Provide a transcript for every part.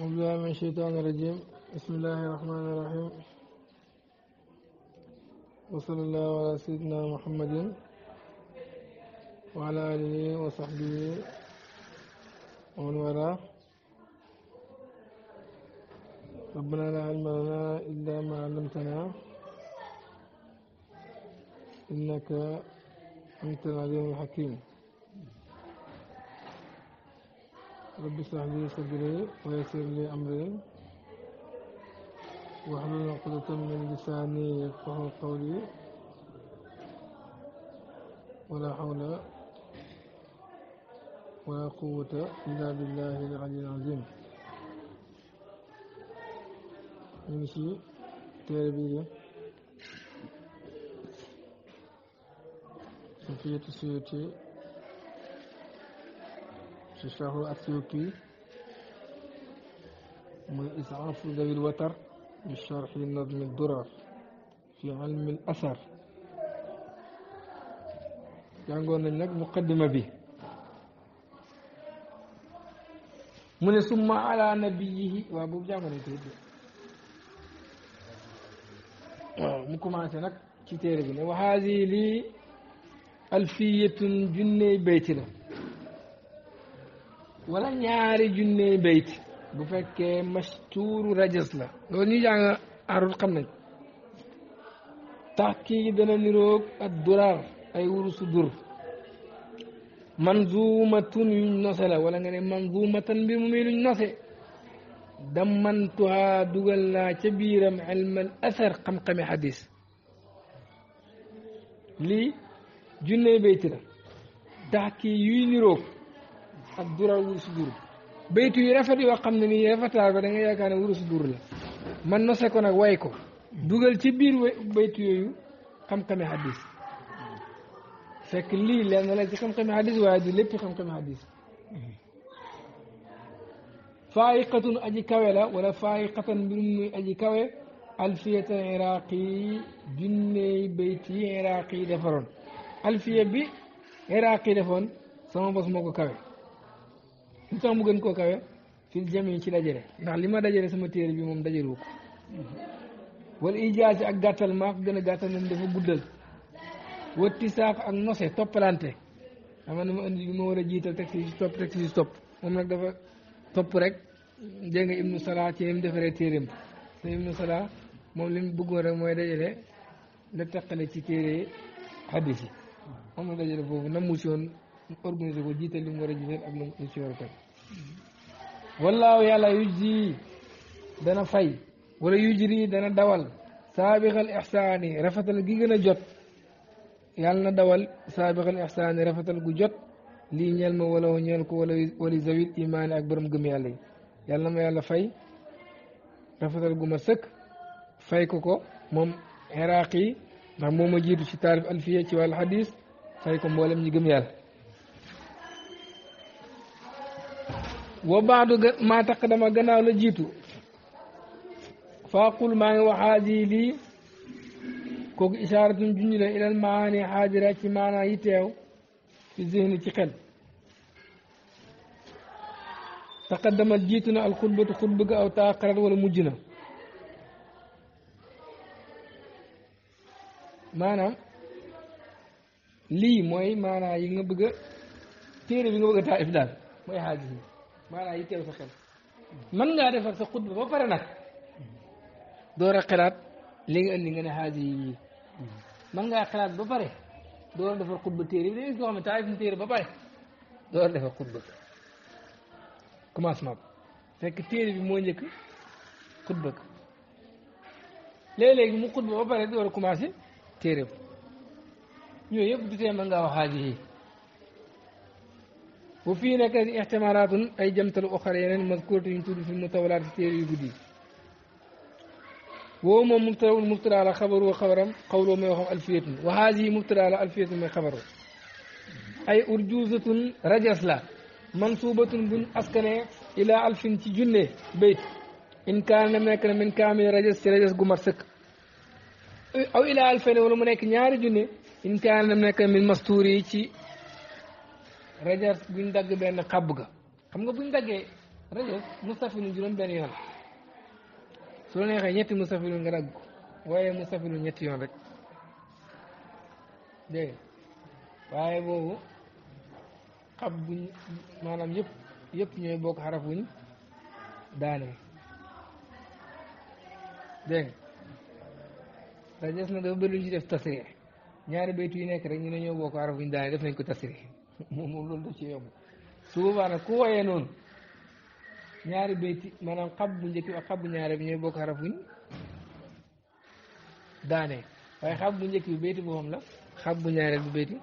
أعوذ من الشيطان الرجيم بسم الله الرحمن الرحيم وصلى الله على سيدنا محمد وعلى آله وصحبه ومن والاه ربنا لا علم لنا إلا ما علمتنا إنك أنت العليم الحكيم رب اشرح لي صدري ويسر لي أمري واحلل عقدة من لساني يفقه قولي ولا حول ولا قوة إلا بالله العلي العظيم نمشي تربية سفية سيوتي ci saxu ak suyuti muy isaafu dawil watar bi charxi nadmi durar fi ilmi al asar jàngoon nañ nag muqaddima bi mu ne summa ala nabiyihi waaw boobu jàngoon nañ tey waaw mu commencé nag ci téere bi ne wa haadi lii alfiyatun junney bayti la wala ñaari junney bayt bu fekkee mastuuru rajas la loolu ñu jàng arut xam nañ tax kii dana niroog ak duraar ay wurusu dur manzumatun yu nose la wala nga ne manzumatan mbir mu muy luñ nose damantuha dugal naa ca biiram ilmal asar xam-xami xadis junney bayt la tax kii yuy ak duraaw wurusu dur baytu yu rafet yoo xam ne nii rafetaay ba da nga yaakaar wurusu dur la man nose ko nag way ko dugal ci biir baytu yooyu xam-xami hadis fekk lii lenn la ci xam-xami hadis waaye du lépp faayiqatun aji kawe la wala faayiqatan mbirum aji kawe alfiyatan iraq yi defaroon alfiya bi iraq defoon sama bos moo kawe lu tax mu gën koo kawe fil jami ci dajale ndax li ma dajale sama téere bi moom dajale wu ko wala ijaasi ak gàttal maa ko gën a gàttal moom dafa guddal wëtti saaq ak nose toppalante xaman ne ma indi bi ma war a jiital texte yi topp texte yi topp moom nag dafa topp rek dégg nga ibnu Salah ci lim defaree téeréem te ibnu Salah moom li mu bëggoon rek mooy dajale la teqale ci téere hadis yi moom la dajale foofu na muusi organiser ko jiite li mu war si war a teg wallaahu yàlla yujji dana fay wala yujri dana dawal saabixal ixsaani rafetal gi gën a jot yàlla na dawal saabixal ixsaani rafetal gu jot lii ñeel ma wala ñeel ko wala wali zawil imaani ak borom gëm yàlla yi yàlla fay rafetal gu ma sëkk fay ko ko moom xeraaq yi ndax moo ma jiitu ci taarif alfiya ci wàllu xadis fay ko mboolem ñi gëm yàlla wa baadu maa taqaddama gannaaw la jiitu faaqul maa ngi waxaadi lii kooku isaaratun junj la ilal maani xaadira ci maanaa yi teew fi zihni ci xel taqaddamat jiitu na alxutbatu xutba ga aw taaxarat wala mujj na maanaam lii mooy maanaa yi nga bëgg a téere bi nga bëgg a taif daal mooy xaadis yi maanaam yitteel sa xel mën ngaa defar sa xutba ba pare nag door a xalaat li nga indi nga ne xaaj yi mën ngaa xalaat ba pare door a defar xutba téere bi da ngay koo xam ne taayif na téere ba pare door a defar xutba commencement bi fekk téere bi moo njëkk xutba ko léeg-léegi mu xutba ba pare door a commencé téere bi ñooyu yëpp du tee mën ngaa wax xaaj yi وفي nag ixtimaalaat ay jamtalu oxar yeneen mazkurat yuñ tudd fi mutawalaat ci téere yu guddi woowu moom mubtadaul mubtadaa la xabaru wa xabaram xawloo may waxam alfiyatun wa haadihi mubtadaa la alfiyatun may xabaru ay urjuzatun rajas la mansubatun buñ askane ila alfin ci junne bayt in kaana nekk na min kaamil rajas ci rajas gu mat sëkk aw ila alfayni wala mu nekk ñaari junne in kaana nekk na min mastuur yi ci rajas buñ dagg benn xabb ga xam nga buñ daggee rajas mustafilun juróom benn yoon soo la neexee ñetti mustafilun nga dagg ko waaye mustafilun ñetti yoon rek dégg waaye boobu xab buñ maanaam yëpp yëpp ñooy bokk xaraf wuñ daanee dégg rajas na dafa bëri ñu ci def tasree ñaar baytu yi nekk rek ñu ne ñoo bokk xaraf wuñ daanee def nañ ko tasree moom moom loolu da ci yomb su nag ku woyee noonu ñaari bayti maanaam xab bu njëkk bi ak xab bu ñaare bu njëkk bi bayti boppam xab bu ñaare bi bayti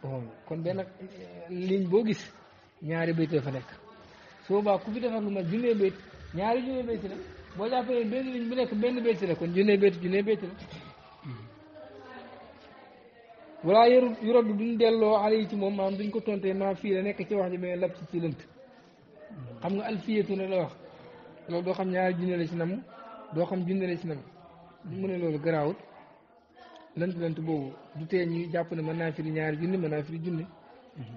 boppam la kon benn ligne boo gis ñaari bayti fa nekk su ku fi defar lu mat junnee bayti ñaari junnee bayti la boo jàppee benn ligne bu nekk benn bayti la kon junnee bayti junnee bayti la wala yu raddu duñ delloo xale moom maanaam duñ ko tontee maa fii la nekk ci wax ji mais lab ci ci lënt xam nga alfiyatu ne la wax loolu doo xam ñaari junne la ci nam doo xam junne la ci nam mu ne loolu garaawut lënt lënt boobu du tee jàpp ne mën naa firi ñaari junne mën naa firi junne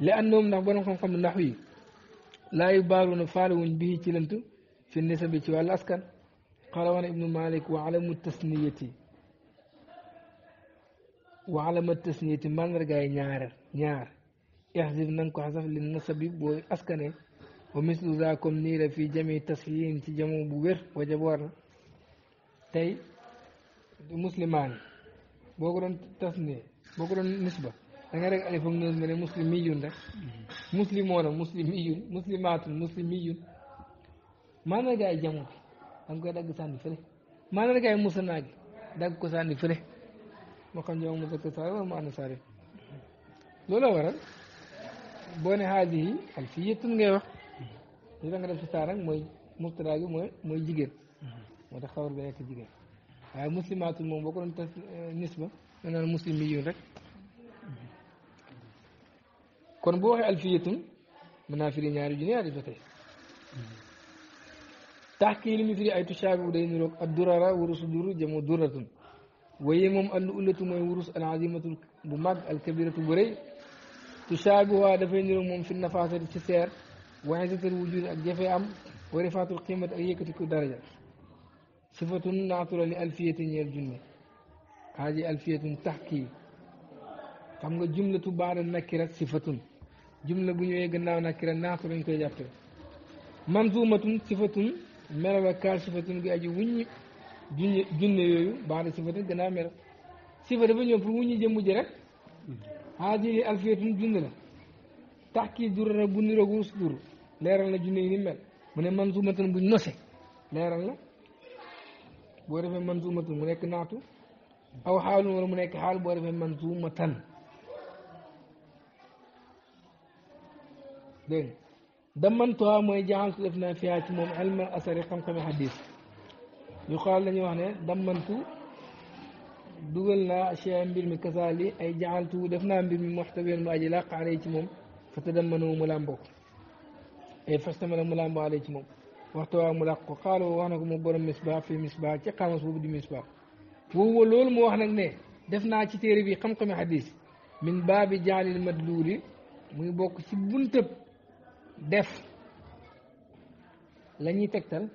li àndoom ndax borom xam-xam ndax yi laa yu baalu na faale wuñ ci lant fi nisab bi ci wàllu askan xala wana ibnu malik wa alamu tasniyati waxala ma tës nii ci mandargaay ñaar ñaar ihzif na nga ko xasaf li nasabi booy askane wa mislu za comme nii jami tasxiin ci jamu bu wér wajab war na tey muslimaan boo ko doon tas nii boo ko doon nisba da nga rek alif ak noon nga ne muslimiyun rek muslimoona muslimiyun muslimaatun muslimiyun mandargaay jamu bi da nga koy dagg sànni fële mandargaay musanaa gi dagg ko sànni fële moo xam ñoom mu mutasari wala mu anasari looloo waral boo ne haadihi alfiyatun ngay wax mooy mubtada bi mooy mooy jigéen moo tax xabar bi nekk muslimaatun moom boo eh, nisba nga naan muslimiyun rek kon boo waxee alfiyatun firi ñaari junne yaa tax kii li firi ay tushaabi day niroog ad durara warusu duru jëmu duratun ويمم الأولة من ورس العظيمة بمد الكبيرة بري تشابهها دفين رموم في النفاس التسير وعزة الوجود الجفة أم ورفعة القيمة أيك تلك درجة صفة ناطرة لألفية يا الجنة هذه ألفية تحكي كم جملة بعد النكرة صفة جملة بنيو يغنى نكرة ناطرة انك يجابت ممزومة صفة ملوكال صفة يجب junne yooyu baax na sifata a mel sifata ba ñoom pour mu ñu jëmm ji rek haajili alfiyatun junne la tax kii dur na bu niroog wus dur leeral na junne yi ni mel mu ne man suumatan buñ nose leeral na boo defee man suumatan mu nekk naatu aw xaalum wala mu nekk xaal boo defee man suumatan def naa fiyaa ci moom elmal asari xam-xame xadis yu xaal dañuy wax ne dammantu dugal naa asiya mbir mi kasaali ay jaxaltu def naa mbir mi muxtawiyan mu aji làq alay ci moom fa tadammanu mu làmboo ko ay fastamala mu làmboo alay ci moom waxtu waa mu làq ko xaaloo wax na ko mu borom misbaa fi misbaa ca xaamas boobu di misbaa woowu loolu mu wax nag ne def naa ci téere bi xam-xami xadis min baabi jaalil madluuli muy bokk ci buntëb def la ñuy tegtal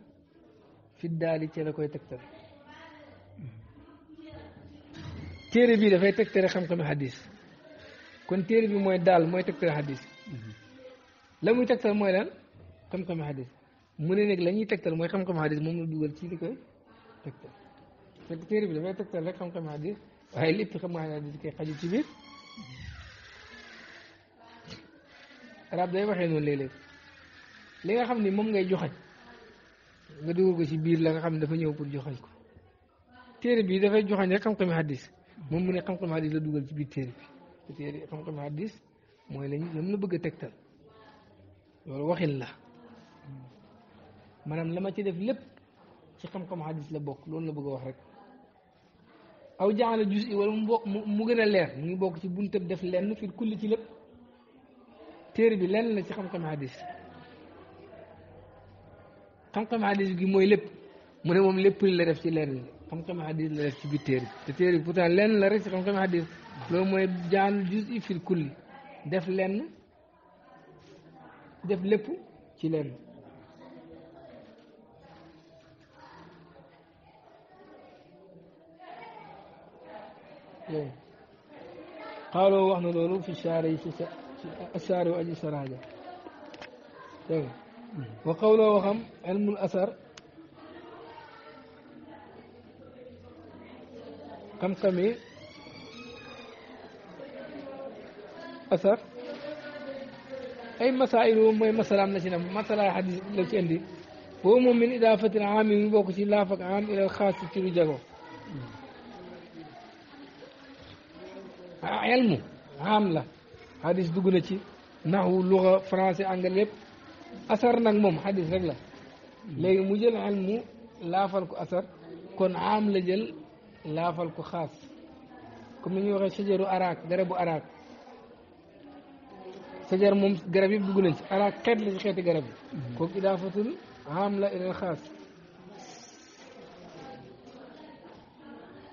fi daali ci la koy tegtal téere bii dafay tegtale xam-xamu xadis kon téere bi mooy daal mooy tegtale xadis la muy tegtal mooy lan xam-xamu xadis mu ne nag la ñuy tegtal mooy xam-xamu xadis moom la dugal ci li koy tegtal fekk téere bi dafay tegtal rek xam-xamu xadis waaye lépp xam-xamu xadis koy xaju ci biir arab day waxee noonu léeg-léeg li nga xam ni moom ngay joxañ nga dugal ko ci biir la nga xam ne dafa ñëw pour joxañ ko téere bi dafay joxañ rek xam xam hadis moom mu ne xam xam hadis la dugal ci biir téere bi te téere xam-xami hadis mooy lañ lam la bëgg a tegtal loolu waxin la maanaam la ma ci def lépp ci xam-xam hadis la bokk loolu la bëgg a wax rek aw jaxale jus i wala mu bokk mu gën a leer mu ngi bokk ci buntab def lenn fi kulli ci lépp téere bi lenn la ci xam-xam hadis xam-xam xadis gi mooy lépp mu ne moom lépp li la def ci leer bi xam-xam xadis la def ci biir téere te téere pourtant lenn la rek si xam-xam xadis loolu mooy jaanul jus fil kulli def lenn def lépp ci lenn xaaloo wax na loolu fi saare yi si saare wu aji saraaja dégg nga وقوله وهم علم الأثر كم سمي أثر أي مسائل وما مسألة لشنا مسألة حديث لشندي هم من إضافة العام من بوكسي لافق عام إلى الخاص تشيلو جاكو علمه عاملة حديث دوغنا نحو لغة فرنسي أنجليب asar nag moom xadis rek la léegi mu jël ilmu laafal ko asar kon am la jël laafal ko xaas comme ni ñuy waxee sajaru araak garabu araak sajar moom garab yëpp dugg nañ ci araak xeet la ci xeeti garab yi mm-hmm. kooku idaafatul am la ilal xaas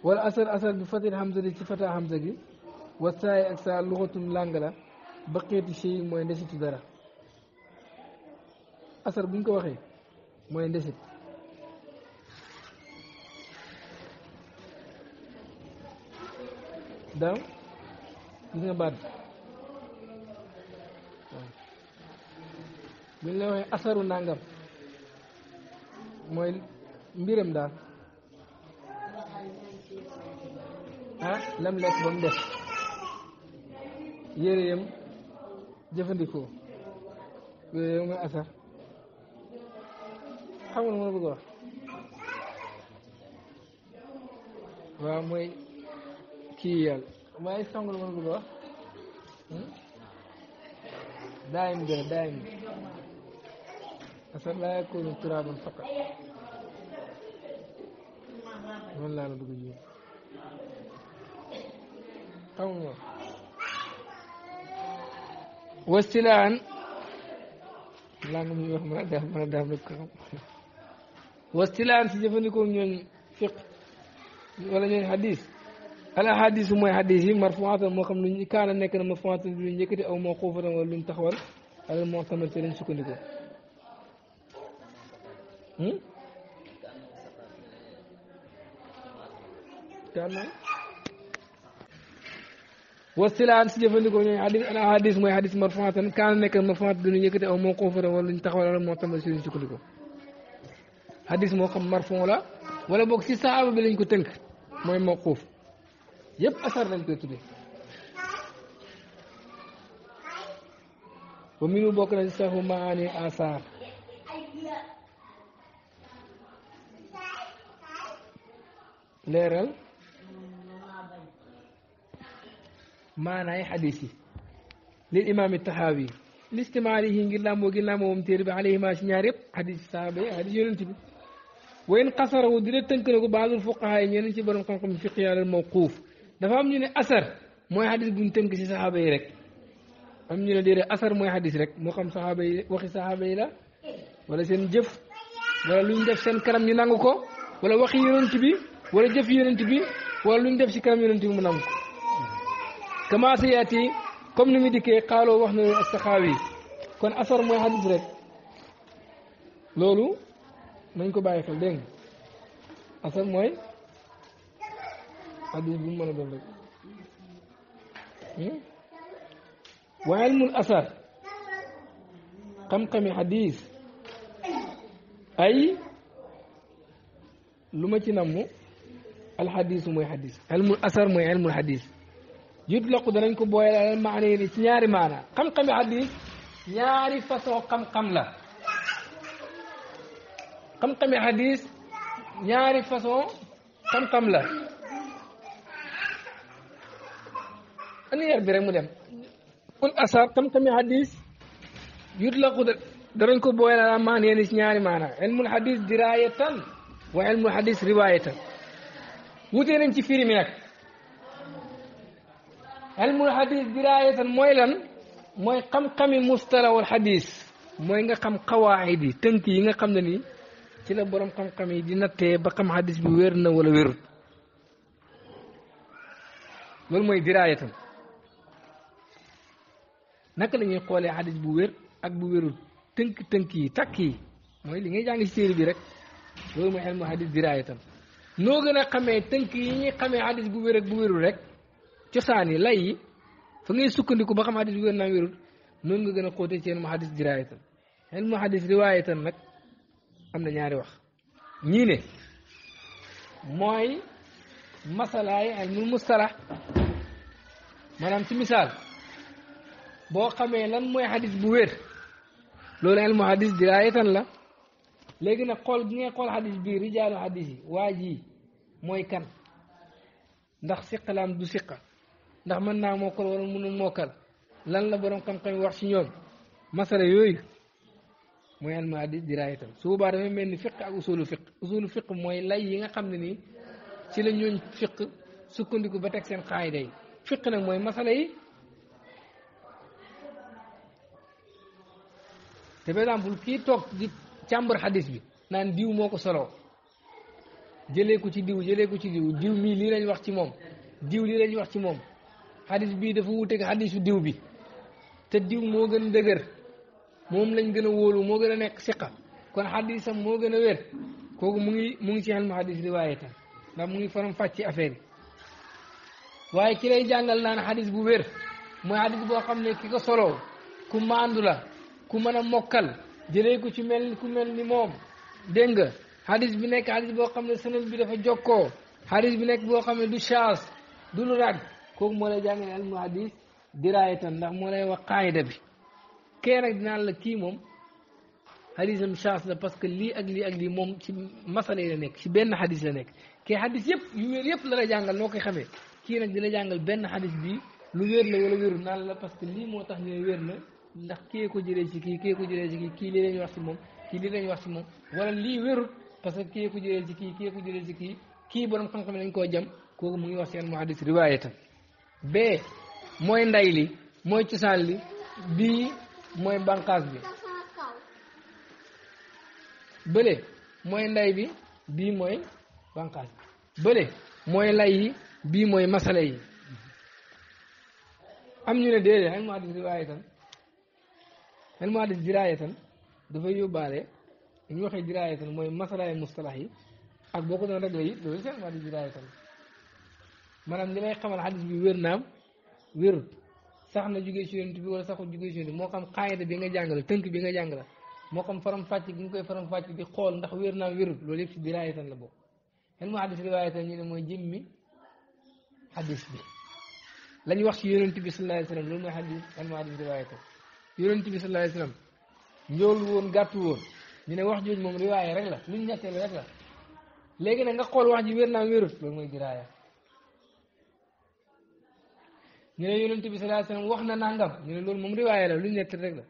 wala asar asar bi fatil hamza di ci fata hamza gi wa ak saa luxatum làng la baqeeti shay mooy ndesitu dara asar buñ ko waxee mooy ndesit daaw gis nga baat bi buñ la waxee asaru nangam mooy mbiram daal ah lam ba mu def yére yam jëfandikoo yooyu mooy asar xamul mu bëgg wax waaw mooy kii yàlla waaye songul mu bëgg wax daayim bi la daayim bi parce que laa yakunu turaaban faqat noonu laa la bëgg jiw xamul nga wasilaan laa nga muy wax mën a def mën a def rek ko xam واستلام تجفنكم من فقه ولا من حديث على حديث ما حديث مرفوعات ما خم كان نكنا مرفوعات من يكتي أو موقوفة ولا من تخوال على المعتمد تلين سكنكم كان نعم. واستلام تجفنكم من حديث على حديث ما حديث مرفوعات كان نكنا مرفوعات من يكتي أو موقوفة ولا من تخوال على المعتمد تلين سكنكم hadis moo xam marfon la wala boog si saaba bi lañ ko tënk mooy mawquuf yëpp asar lañ koy tuddee ba minu bokk na si saxu maani asar leeral maanaay xadis yi lil imaam taxaawi listimaali yi ngir làmboo gi làmboo moom téere bi alayhima si ñaar yëpp xadis saaba yi xadis yonent bi وين قصره دير تنكرو بعض الفقهاء ينين سي بروم خنخم في خيار الموقوف دا فام ني اثر موي حديث بن تنك سي صحابه رك ام ني دير اثر موي حديث رك مو خم صحابه وخي صحابه لا ولا سين جف ولا لون جف سين كرام ني نانغوكو ولا وخي يونتي بي ولا جف يونتي بي ولا لون جف سي كرام يونتي مو كما سياتي كوم ني ديكي قالو واخنا الصحابي كون اثر موي حديث رك لولو nañ ko bàyyi xel dégg nga asal mooy xadis bu mu mën a doon rek wa ilmul asar xam-xami xadis ay lu ma ci namm alxadisu mooy xadis ilmul asar mooy ilmul xadis yutlaqu danañ ko booyal alal maana yi ci ñaari maana xam-xami xadis ñaari façon xam-xam la كم كم حديث نعرف فصوم كم كم لا أني أربي رمولهم كل أسر كم كم حديث يطلق درنكو بوين على ما نينس نعرف معنا علم الحديث دراية وعلم الحديث رواية وتين انت فيري منك علم الحديث دراية مويلا موي كم قم المصطلح والحديث موي قم قواعدي تنكي كم دني ci la borom xam-xam yi di nattee ba xam hadis bi wér na wala wérut loolu mooy diraayatam naka la ñuy xoolee hadis bu wér ak bu wérut tënk-tënk yi takk yi mooy li ngay jàng ci téere bi rek loolu mooy ilmu hadis diraayatam noo gën a xamee tënk yi ñuy xamee hadis bu wér ak bu wérut rek cosaan yi lay yi fa ngay sukkandiku ba xam hadis bu wér naa wérut noonu nga gën a xóotee ci ilmu hadis diraayatam ilmu hadis nag am na ñaari wax ñii ne mooy masalaay ak mu mustala maanaam ci misaal boo xamee lan mooy xadis bu wér loolu ilmu xadis diraayatan la léegi nag xool bi ngay xool xadis bii rijaalu xadis yi waa ji mooy kan ndax siqalaam du siqa ndax mën naa mokkal wala mënul mokkal lan la borom xam-xam wax ci ñoom masala yooyu mooy almu hadis diraayatan su boobaa dafay mel ni fiq ak usulu fiq usulu fiq mooy lay yi nga xam ne nii si la ñooñ fiq sukkandiku ba teg seen xaayida yi fiq nag mooy masala yi te par exemple kii toog di càmbar bi naan diw moo ko solo jëlee ko ci diw jëlee ko ci diw diw mii lii lañ wax ci moom diw lii lañ wax ci moom xadis bii dafa wuteeg xadisu diw bi te diw moo gën dëgër moom lañ gën a wóolu moo gën a nekk siqa kon xadisam moo gën a wér kooku mu ngi mu ngi ci xel mu xadis riwaaye tam ndax mu ngi faram fàcce affaire bi waaye ki lay jàngal naan xadis bu wér mooy xadis boo xam ne ki ko soloo ku maandu la ku mën a mokkal jëlee ko ci mel ku mel ni dégg nga xadis bi nekk xadis boo xam ne sanad bi dafa jokkoo xadis bi nekk boo xam ne du chance du lu rag kooku moo lay jàngal ilmu xadis diraayatan ndax moo lay wax qaayida bi kee nag dinaan la kii moom xadisam chance la parce que lii ak lii ak lii moom ci masala yi la nekk ci benn xadis la nekk kee xadis yëpp yu wér yëpp la la jàngal noo koy xamee kii nag dina jàngal benn xadis bi lu wér la wala wéru naan la parce que lii moo tax ñu wér na ndax kii ko jëlee ci kii kii ko jëlee ci kii kii lii lañu wax ci moom kii lii wax ci moom wala lii wérut parce kii ko jëlee ci kii kii ko jëlee ci kii kii borom xam-xam lañ koo jam kooku mu ngi wax seen muhaddis riwaayatan bee mooy nday li mooy cosaan li bii mooy bànqaas bi bële mooy nday bi bii mooy bànqaas bële mooy lay yi bii mooy masale yi am ñu ne déedéet xel mu hadis riwaaya tan xel tan dafay yóbbaale ñu waxee diraaya tan mooy masalaay mustalax yi ak boo ko doon réglé yi loolu seen mu hadis diraaya tan maanaam li lay xamal hadis bi wér naam wérut sax na jugee si yonent bi wala saxul jugee ci yonent bi moo xam xaayida bi nga jàngale tënk bi nga jàngale moo xam faram-fàcc bi nga koy faram-fàcc bi xool ndax wér naa wérul loolu bi si diraayatan la bokk xen mu hadis riwaayatan ne mooy jëmmi hadis bi la ñu wax ci yonent bi sallallahu alayhi wasallam loolu mooy hadis xen mu hadis riwaayatan yonent bi sallallahu alayhi wasallam njool woon gàtt woon ñu ne wax jooju moom riwaaya rek la luñ ñetteel rek la léegi nag nga xool wax ji wér naa wérul loolu mooy diraaya ñu ne yonent bi sallallahu alayhi wasallam wax na nangam ñu ne loolu moom riwaaya la lu ñu rek la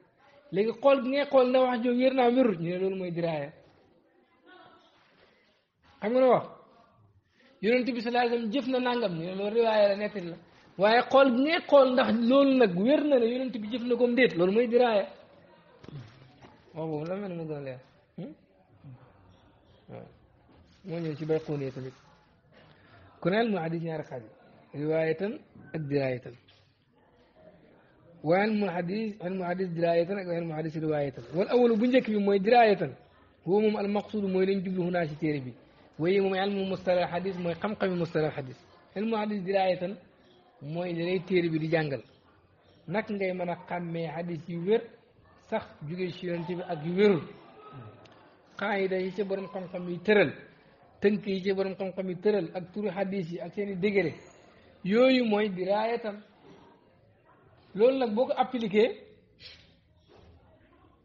léegi xool gi ngay xool na wax joo wér naa wérut ñu ne loolu mooy diraaya xam nga ne wax yonent bi sallallahu alayhi wasallam jëf na nangam ñu ne loolu la nettali la waaye xool gi ngay xool ndax loolu nag wér na ne yonent bi jëf na ko déet loolu mooy diraaya waaw la mel mu gën hmm? moo ñëw ci bay xóonee tamit ku neel mu hadis ñaari xaaj رواية الدراية وعلم الحديث علم الحديث دراية وعلم الحديث رواية والأول بنجك في مي دراية هو مم المقصود مي لنجب هنا شتير بي وهي مم علم مصطلح الحديث مي قمق بمصطلح الحديث علم الحديث دراية مي لنجب تير بي لجانجل نك نجي من قمي حديث يوير سخ جوجي شيرن تبي أجيبر قاعدة هي تبرم قمق مي ترل تنكي هي تبرم قمق مي ترل أكتر حديثي أكتر دقري yooyu mooy diraayatam loolu nag boo ko appliqué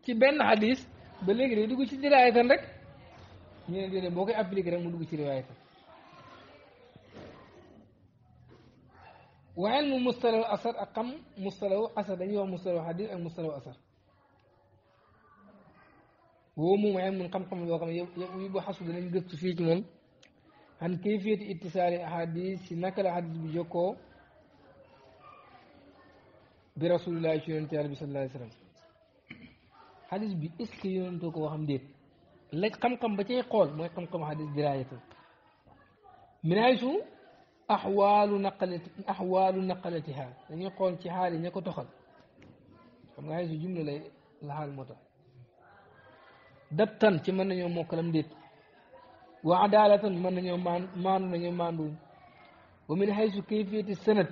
ci benn xadis ba léegi day dugg ci diraayatam rek ñu ne déedéet boo koy appliqué rek mu dugg ci riwaayatam wa ilmu mustalahu asar ak xam mustalahu asar dañuy wax mustalahu xadis ak mustalahu asar woo mu ay mun xam-xam yoo xam ne yëpp xasu danañ gëstu fii ci moom an kayfiyati ittisaali ahadis si naka la hadis bi jokkoo bi rasulillahi ci yonente yàlla bi sallallahu alayhi wasallam hadis bi est ce que yonentoo ko waxam déet la xam-xam ba cay xool mooy xam-xam hadis dirayatu minaysu axwaalu naqalati axwaalu naqalatiha dañuy xool ci xaal yi ña ko toxal xam nga xay su jumla lay la xaal moo tax dabtan ci mën nañoo mokkalam déet wa adaalatan mën nañoo maandu maandu nañu maanduñ wa min haysu kayfiyati sanad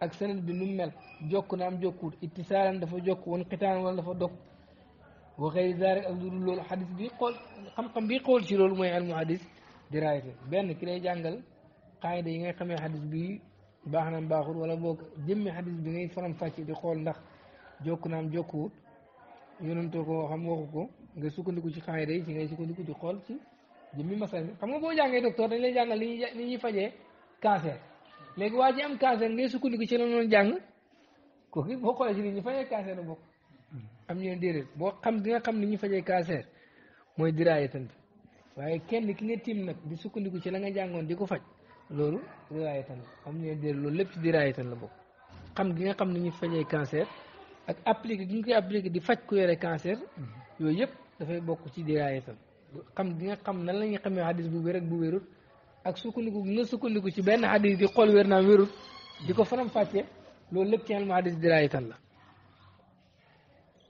ak sanad bi nu mel jokk naam jokkuut ittisaalan dafa jokk wan xitaan wala dafa dog wa xëyri zaalik ak lu dul loolu bi xool xam-xam bi xool ci loolu mooy almu xadis diraayte benn ki lay jàngal xaayida yi ngay xamee xadis bi baax naam baaxul wala boog jëmmi xadis bi ngay faram fàcce di xool ndax jokk naam jokkuut yonantoo ko xam waxu ko nga sukkandiku ci xaayida yi ci ngay sukkandiku ci xool ci jëmmi masal mi xam nga boo jàngee docteur dañ lay jàngal li ñuy li ñuy fajee cancer léegi waa ji am cancer ngay sukkandiku ci la noonu jàng kooku boo xoolee ci ni ñu fajee cancer bokk am ñeen déedéet boo xam di nga xam ni ñu fajee cancer mooy diraaye tant waaye kenn ki nga tiim nag di sukkandiku ci la nga jàngoon di ko faj loolu diraaye tan am loolu lépp ci diraaye tan la bokk xam gi nga xam ni ñu fajee cancer ak appliqué gi nga koy appliqué di faj ku yore cancer yooyu yëpp dafay bokk ci diraaye tan xam gi nga xam nan la ñuy xamee xadis bu wér ak bu wérut ak sukkandiku nga sukkandiku ci benn xadis di xool wér naa wérut di ko fanam fàccee loolu lépp ci alma xadis diraayitan la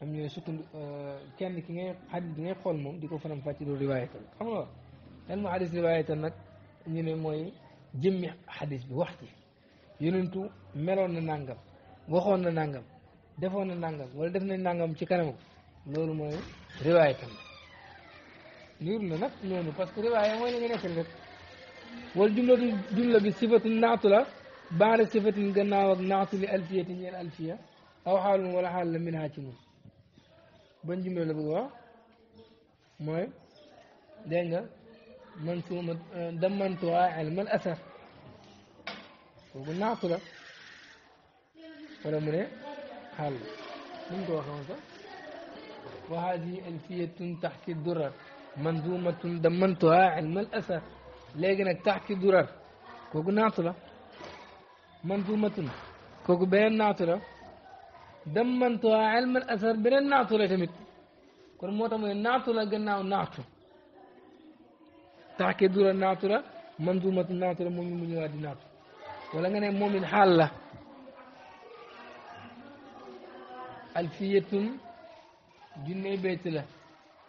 am ñooy euh, kenn ki ngay xadis bi xool moom di ko faram fàccee loolu riwaayitan la xam nga alma xadis riwaayitan nag ñu ne mooy jëmmi xadis bi wax ci tu meloon na nangam waxoon na nangam defoon na nàngam wala def na nàngam ci kanamam loolu mooy riwaayitan نور لا نفس لونه باسكو ريبا اي موي نغي نيكل ريب وال جمله دي جمله بي صفه النعت لا بار صفه غناو اك نعت لي الفيه ني الفيه او حال ولا حال منها تشنو بن جمله لا بوا موي دنگا من سو دمنتو علم الاثر وقلنا عطلة ولا مريء حل من دوا خمسة وهذه ألفية تحكي الدرر manzumatun dammantuha ilmal asar léegi nag tax ci durar kooku naatu la manzumatun kooku beneen naatu la dammantuha ilmal asar beneen naatu la tamit kon moo tax mooy naatu la gannaaw naatu tax ci durar naatu la manzumatun naatu la moom ñu mu ñëwaat di naatu wala nga ne moom it xaal la alfiyatun junne bayt la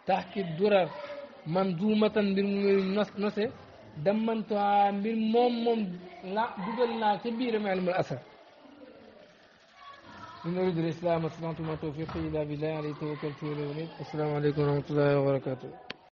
tax ci durar manzumatan mbir mu ñuy nos nose dammantuha mbir moom moom la dugal naa ca biiram ilmul asar إن أريد الإسلام استطعت ما توفيقي إلا بالله عليه توكلت وإليه أنيب السلام عليكم ورحمة الله وبركاته